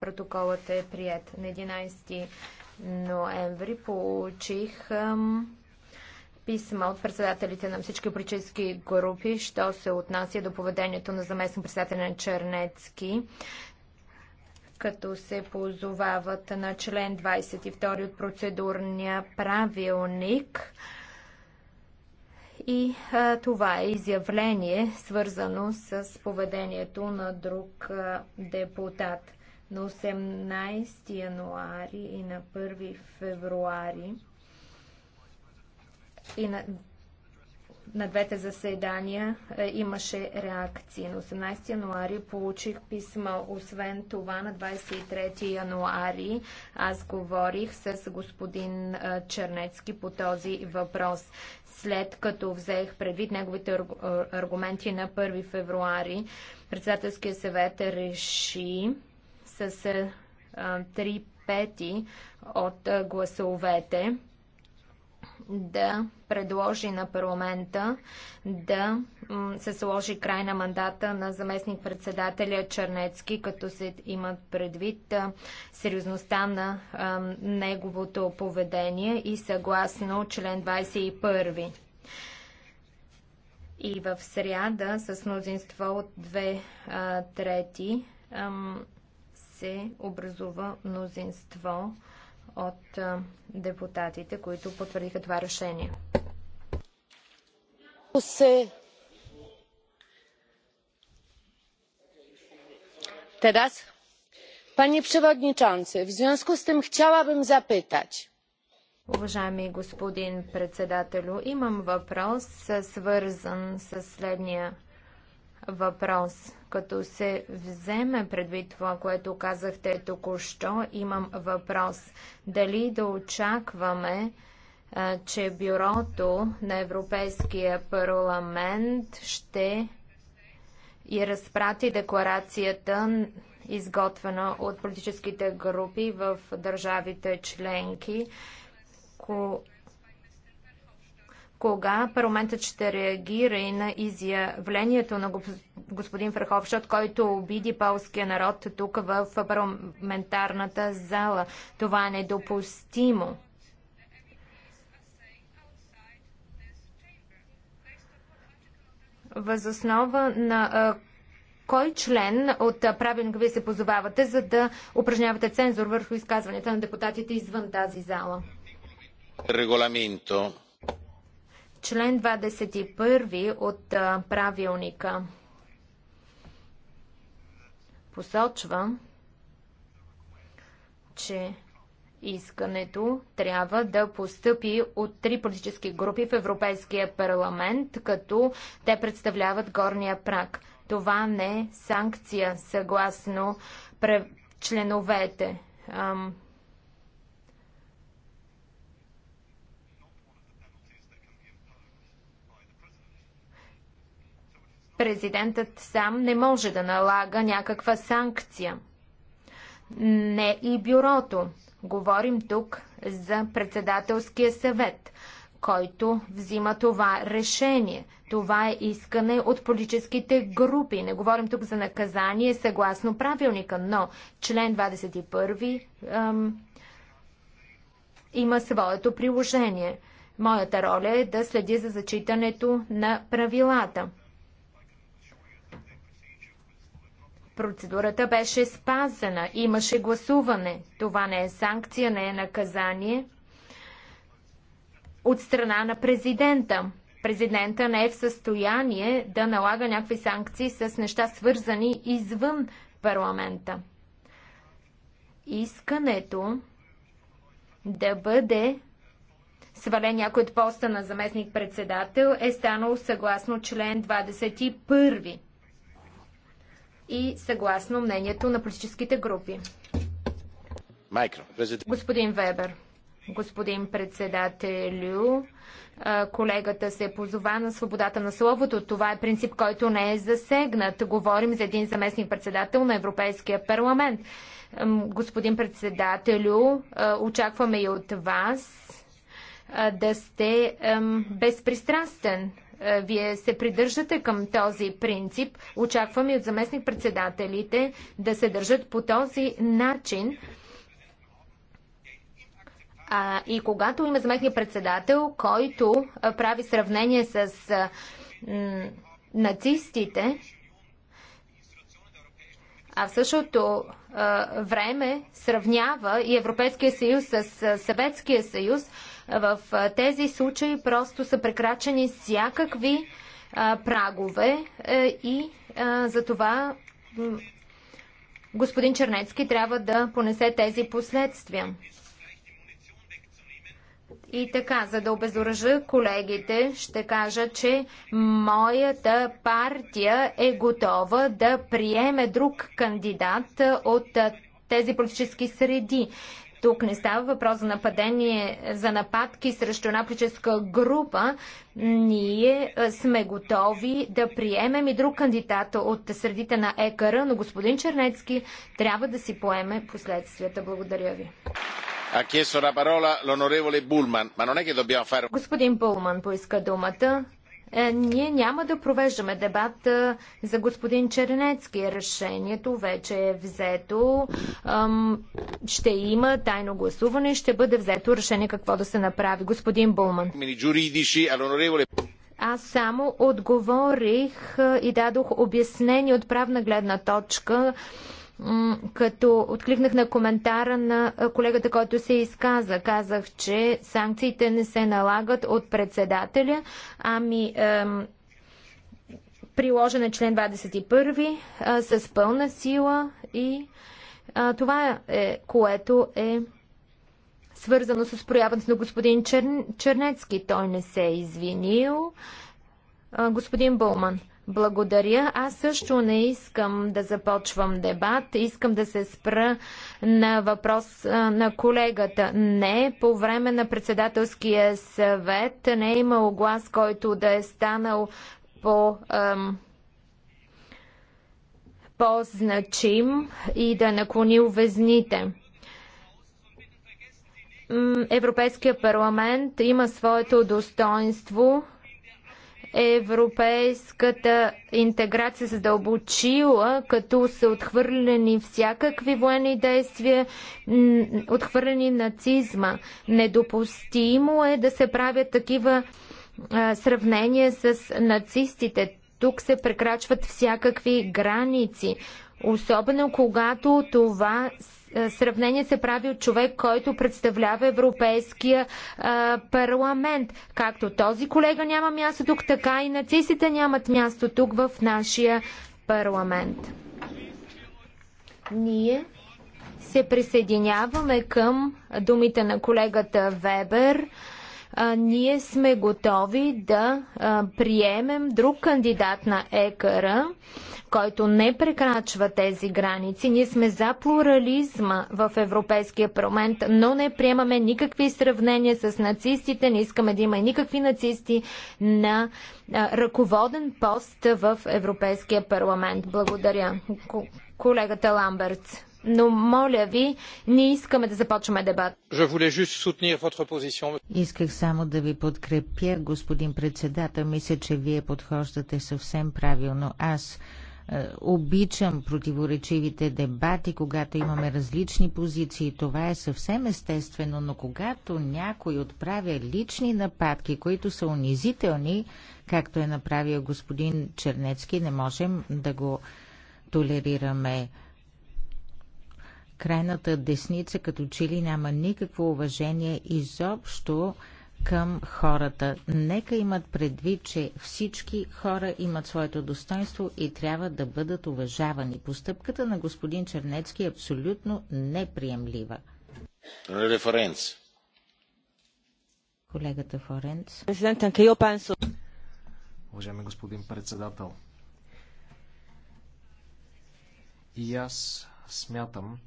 Протоколът е прият на 11 ноември. Получих ам, писма от председателите на всички политически групи, що се отнася до поведението на заместен председателя на Чернецки, като се позовават на член 22 от процедурния правилник. И а, това е изявление, свързано с поведението на друг а, депутат на 18 януари и на 1 февруари и на, на двете заседания е, имаше реакции. На 18 януари получих писма. Освен това, на 23 януари аз говорих с господин е, Чернецки по този въпрос. След като взех предвид неговите е, аргументи на 1 февруари, председателския съвет реши с е, три пети от гласовете да предложи на парламента да се сложи край на мандата на заместник-председателя Чернецки, като се имат предвид сериозността на неговото поведение и съгласно член 21. И в сряда с мнозинство от две трети се образува мнозинство от депутатите, които потвърдиха това решение. Teraz? Panie przewodniczący, w związku z tym chciałabym zapytać. Уважаеми господин председателю, имам въпрос, свързан с следния въпрос. Като се вземе предвид това, което казахте току-що, имам въпрос. Дали да очакваме, че бюрото на Европейския парламент ще и разпрати декларацията, изготвена от политическите групи в държавите членки, кога парламентът ще реагира и на изявлението на господин Ферховщад, който обиди полския народ тук в парламентарната зала. Това е недопустимо. Възоснова на кой член от правилника ви се позовавате, за да упражнявате цензур върху изказванията на депутатите извън тази зала? Регламенто Член 21 от правилника посочва, че искането трябва да поступи от три политически групи в Европейския парламент, като те представляват горния прак. Това не е санкция, съгласно членовете. Президентът сам не може да налага някаква санкция. Не и бюрото. Говорим тук за председателския съвет, който взима това решение. Това е искане от политическите групи. Не говорим тук за наказание съгласно правилника, но член 21 ем, има своето приложение. Моята роля е да следи за зачитането на правилата. Процедурата беше спазена. Имаше гласуване. Това не е санкция, не е наказание. От страна на президента. Президента не е в състояние да налага някакви санкции с неща свързани извън парламента. Искането да бъде свален някой от поста на заместник-председател е станало съгласно член 21 и съгласно мнението на политическите групи. Майкро, Господин Вебер. Господин председателю, колегата се позова на свободата на словото. Това е принцип, който не е засегнат. Говорим за един заместник председател на Европейския парламент. Господин председателю, очакваме и от вас да сте безпристрастен е, вие се придържате към този принцип. Очаквам и от заместник-председателите да се държат по този начин. А, и когато има заместник-председател, който прави сравнение с нацистите, а в същото време сравнява и Европейския съюз с Съветския съюз, в тези случаи просто са прекрачени всякакви прагове е, и за това господин Чернецки трябва да понесе тези последствия. И така, за да обезоръжа колегите, ще кажа, че моята партия е готова да приеме друг кандидат от тези политически среди. Тук не става въпрос за нападение, за нападки срещу една политическа група. Ние сме готови да приемем и друг кандидат от средите на ЕКР, но господин Чернецки трябва да си поеме последствията. Благодаря ви. Господин Булман поиска думата. Е, ние няма да провеждаме дебат е, за господин Чернецки. Решението вече е взето. Ще има тайно гласуване и ще бъде взето решение какво да се направи. Господин Булман. Аз само отговорих е, и дадох обяснение от правна гледна точка като откликнах на коментара на колегата, който се изказа. Казах, че санкциите не се налагат от председателя, ами ем, приложен е член 21 е, с пълна сила и е, това е, което е свързано с проявата на господин Чер... Чернецки. Той не се е извинил. Е, господин Бълман. Благодаря. Аз също не искам да започвам дебат. Искам да се спра на въпрос на колегата. Не, по време на председателския съвет не е имал глас, който да е станал по... Ам, по-значим и да наклонил увезните. Европейския парламент има своето достоинство европейската интеграция се като са отхвърлени всякакви военни действия, отхвърлени нацизма. Недопустимо е да се правят такива сравнения с нацистите. Тук се прекрачват всякакви граници, особено когато това е, сравнение се прави от човек, който представлява Европейския а, е, парламент. Както този колега няма място тук, така и нацистите нямат място тук в нашия парламент. Ние се присъединяваме към думите на колегата Вебер ние сме готови да приемем друг кандидат на ЕКР, който не прекрачва тези граници. Ние сме за плурализма в Европейския парламент, но не приемаме никакви сравнения с нацистите, не искаме да има никакви нацисти на ръководен пост в Европейския парламент. Благодаря. Колегата Ламберт но моля ви, не искаме да започваме дебат. Исках само да ви подкрепя, господин председател. Мисля, че вие подхождате съвсем правилно. Аз е, обичам противоречивите дебати, когато имаме различни позиции. Това е съвсем естествено, но когато някой отправя лични нападки, които са унизителни, както е направил господин Чернецки, не можем да го толерираме крайната десница като че ли няма никакво уважение изобщо към хората. Нека имат предвид, че всички хора имат своето достоинство и трябва да бъдат уважавани. Постъпката на господин Чернецки е абсолютно неприемлива. Референц. Колегата Форенц. Уважаеми господин председател, и аз смятам,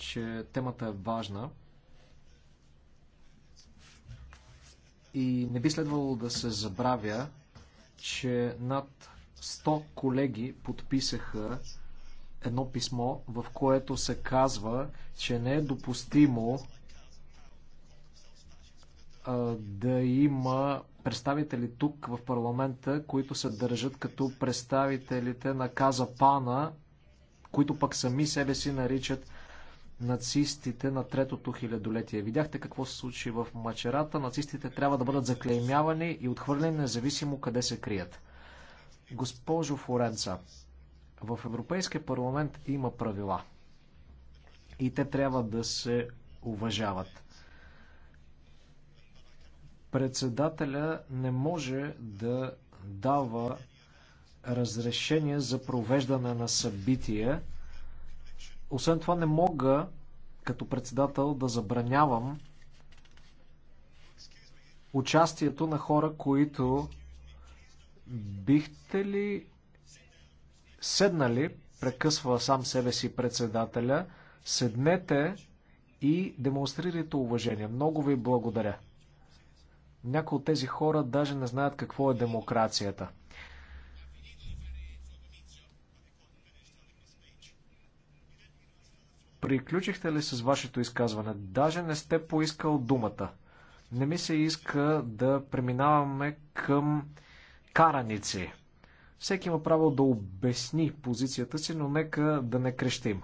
че темата е важна и не би следвало да се забравя, че над 100 колеги подписаха едно писмо, в което се казва, че не е допустимо а, да има представители тук в парламента, които се държат като представителите на Каза Пана, които пък сами себе си наричат нацистите на третото хилядолетие. Видяхте какво се случи в мачерата. Нацистите трябва да бъдат заклеймявани и отхвърлени, независимо къде се крият. Госпожо Форенца, в Европейския парламент има правила. И те трябва да се уважават. Председателя не може да дава разрешение за провеждане на събития, освен това не мога като председател да забранявам участието на хора, които бихте ли седнали, прекъсва сам себе си председателя, седнете и демонстрирайте уважение. Много ви благодаря. Някои от тези хора даже не знаят какво е демокрацията. Приключихте ли с вашето изказване? Даже не сте поискал думата. Не ми се иска да преминаваме към караници. Всеки има право да обясни позицията си, но нека да не крещим.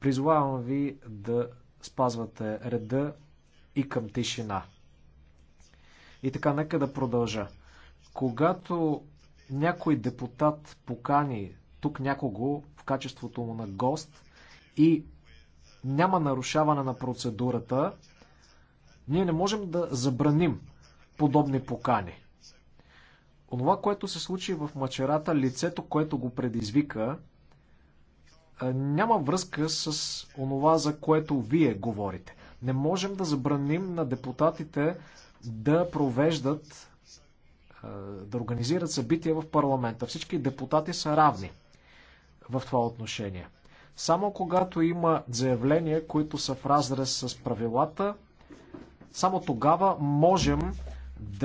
Призовавам ви да спазвате реда и към тишина. И така, нека да продължа. Когато някой депутат покани тук някого в качеството му на гост, и няма нарушаване на процедурата, ние не можем да забраним подобни покани. Онова, което се случи в мачерата, лицето, което го предизвика, няма връзка с онова, за което вие говорите. Не можем да забраним на депутатите да провеждат, да организират събития в парламента. Всички депутати са равни в това отношение. Само когато има заявления, които са в разрез с правилата, само тогава можем да